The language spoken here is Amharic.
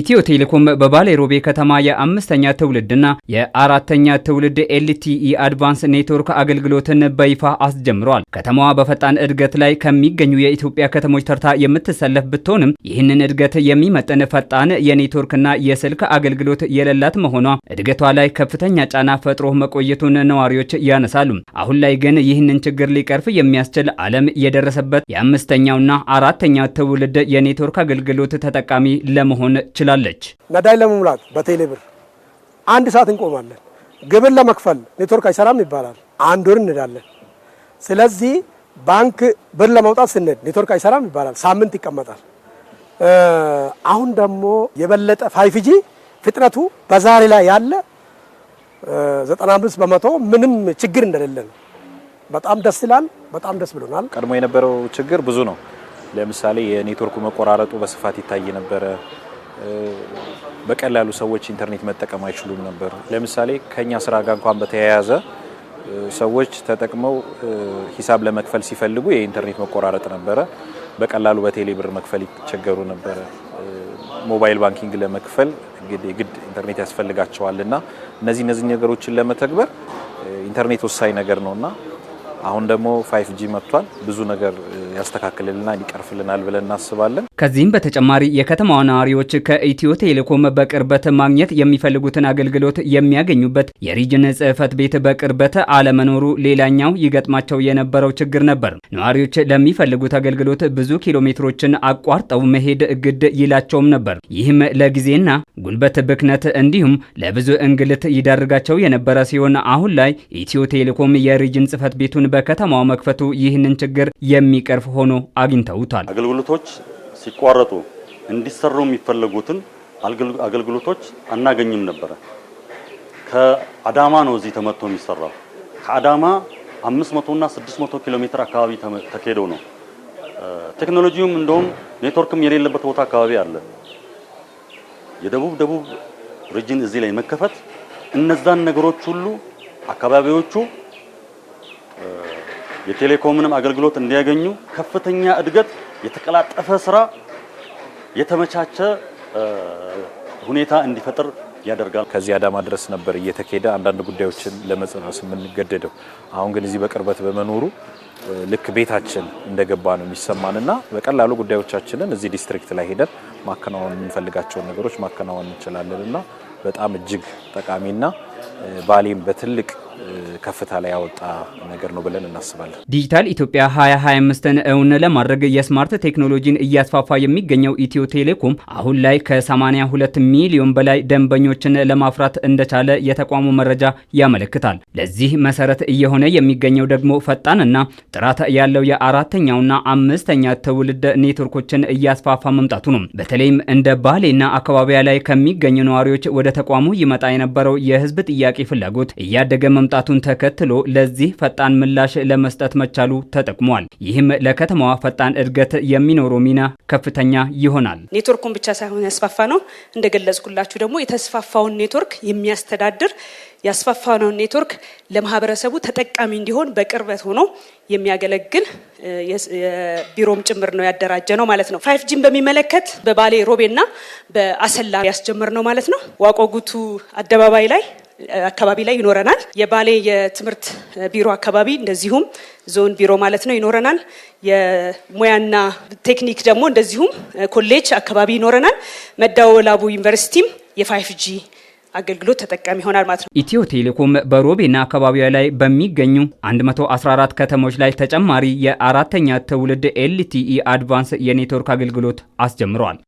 ኢትዮ ቴሌኮም በባሌ ሮቤ ከተማ የአምስተኛ ትውልድና የአራተኛ ትውልድ ኤልቲኢ አድቫንስ ኔትወርክ አገልግሎትን በይፋ አስጀምሯል። ከተማዋ በፈጣን እድገት ላይ ከሚገኙ የኢትዮጵያ ከተሞች ተርታ የምትሰለፍ ብትሆንም ይህንን እድገት የሚመጥን ፈጣን የኔትወርክና የስልክ አገልግሎት የሌላት መሆኗ እድገቷ ላይ ከፍተኛ ጫና ፈጥሮ መቆየቱን ነዋሪዎች ያነሳሉ። አሁን ላይ ግን ይህንን ችግር ሊቀርፍ የሚያስችል ዓለም የደረሰበት የአምስተኛውና አራተኛ ትውልድ የኔትወርክ አገልግሎት ተጠቃሚ ለመሆን ችሏል። ትችላለች። ነዳጅ ለመሙላት በቴሌ ብር አንድ ሰዓት እንቆማለን። ግብር ለመክፈል ኔትወርክ አይሰራም ይባላል። አንድ ወር እንዳለን። ስለዚህ ባንክ ብር ለማውጣት ስንሄድ ኔትወርክ አይሰራም ይባላል። ሳምንት ይቀመጣል። አሁን ደግሞ የበለጠ ፋይፍጂ ፍጥነቱ በዛሬ ላይ ያለ 95 በመቶ ምንም ችግር እንደሌለ ነው። በጣም ደስ ይላል። በጣም ደስ ብሎናል። ቀድሞ የነበረው ችግር ብዙ ነው። ለምሳሌ የኔትወርኩ መቆራረጡ በስፋት ይታይ ነበረ። በቀላሉ ሰዎች ኢንተርኔት መጠቀም አይችሉም ነበር። ለምሳሌ ከኛ ስራ ጋር እንኳን በተያያዘ ሰዎች ተጠቅመው ሂሳብ ለመክፈል ሲፈልጉ የኢንተርኔት መቆራረጥ ነበረ። በቀላሉ በቴሌብር መክፈል ይቸገሩ ነበረ። ሞባይል ባንኪንግ ለመክፈል ግድ ኢንተርኔት ያስፈልጋቸዋል እና እነዚህ እነዚህ ነገሮችን ለመተግበር ኢንተርኔት ወሳኝ ነገር ነው እና አሁን ደግሞ ፋይፍ ጂ መጥቷል። ብዙ ነገር ያስተካክልልና ይቀርፍልናል ብለን እናስባለን። ከዚህም በተጨማሪ የከተማዋ ነዋሪዎች ከኢትዮ ቴሌኮም በቅርበት ማግኘት የሚፈልጉትን አገልግሎት የሚያገኙበት የሪጅን ጽህፈት ቤት በቅርበት አለመኖሩ ሌላኛው ይገጥማቸው የነበረው ችግር ነበር። ነዋሪዎች ለሚፈልጉት አገልግሎት ብዙ ኪሎ ሜትሮችን አቋርጠው መሄድ ግድ ይላቸውም ነበር። ይህም ለጊዜና ጉልበት ብክነት እንዲሁም ለብዙ እንግልት ይዳርጋቸው የነበረ ሲሆን አሁን ላይ ኢትዮ ቴሌኮም የሪጅን ጽህፈት ቤቱን በከተማዋ መክፈቱ ይህንን ችግር የሚቀርፍ አቀፍ ሆኖ አግኝተውታል። አገልግሎቶች ሲቋረጡ እንዲሰሩ የሚፈለጉትን አገልግሎቶች አናገኝም ነበረ። ከአዳማ ነው እዚህ ተመጥቶ የሚሰራው። ከአዳማ 500 እና 600 ኪሎ ሜትር አካባቢ ተካሄደው ነው። ቴክኖሎጂውም እንደውም ኔትወርክም የሌለበት ቦታ አካባቢ አለ። የደቡብ ደቡብ ሪጅን እዚህ ላይ መከፈት እነዛን ነገሮች ሁሉ አካባቢዎቹ የቴሌኮምንም አገልግሎት እንዲያገኙ ከፍተኛ እድገት፣ የተቀላጠፈ ስራ፣ የተመቻቸ ሁኔታ እንዲፈጥር ያደርጋል። ከዚህ አዳማ ድረስ ነበር እየተካሄደ አንዳንድ ጉዳዮችን ለመጽናት የምንገደደው። አሁን ግን እዚህ በቅርበት በመኖሩ ልክ ቤታችን እንደገባ ነው የሚሰማንና በቀላሉ ጉዳዮቻችንን እዚህ ዲስትሪክት ላይ ሄደን ማከናወን የምንፈልጋቸውን ነገሮች ማከናወን እንችላለንና በጣም እጅግ ጠቃሚና ባሌም በትልቅ ከፍታ ላይ ያወጣ ነገር ነው ብለን እናስባለን። ዲጂታል ኢትዮጵያ 2025ን እውን ለማድረግ የስማርት ቴክኖሎጂን እያስፋፋ የሚገኘው ኢትዮ ቴሌኮም አሁን ላይ ከ82 ሚሊዮን በላይ ደንበኞችን ለማፍራት እንደቻለ የተቋሙ መረጃ ያመለክታል። ለዚህ መሰረት እየሆነ የሚገኘው ደግሞ ፈጣንና ጥራት ያለው የአራተኛውና አምስተኛ ትውልድ ኔትወርኮችን እያስፋፋ መምጣቱ ነው። በተለይም እንደ ባሌና አካባቢያ ላይ ከሚገኙ ነዋሪዎች ወደ ተቋሙ ይመጣ የነበረው የህዝብ ጥያቄ ፍላጎት እያደገ መምጣቱን ተከትሎ ለዚህ ፈጣን ምላሽ ለመስጠት መቻሉ ተጠቅሟል። ይህም ለከተማዋ ፈጣን እድገት የሚኖረው ሚና ከፍተኛ ይሆናል። ኔትወርኩን ብቻ ሳይሆን ያስፋፋ ነው። እንደገለጽኩላችሁ ደግሞ የተስፋፋውን ኔትወርክ የሚያስተዳድር ያስፋፋነውን ኔትወርክ ለማህበረሰቡ ተጠቃሚ እንዲሆን በቅርበት ሆኖ የሚያገለግል የቢሮም ጭምር ነው ያደራጀ ነው ማለት ነው። ፋይፍ ጂን በሚመለከት በባሌ ሮቤና በአሰላ ያስጀምር ነው ማለት ነው። ዋቆጉቱ አደባባይ ላይ አካባቢ ላይ ይኖረናል። የባሌ የትምህርት ቢሮ አካባቢ እንደዚሁም ዞን ቢሮ ማለት ነው ይኖረናል። የሙያና ቴክኒክ ደግሞ እንደዚሁም ኮሌጅ አካባቢ ይኖረናል። መዳወላቡ ዩኒቨርሲቲም የፋይፍ ጂ አገልግሎት ተጠቃሚ ይሆናል ማለት ነው። ኢትዮ ቴሌኮም በሮቤና አካባቢዋ ላይ በሚገኙ 114 ከተሞች ላይ ተጨማሪ የአራተኛ ትውልድ ኤልቲኢ አድቫንስ የኔትወርክ አገልግሎት አስጀምረዋል።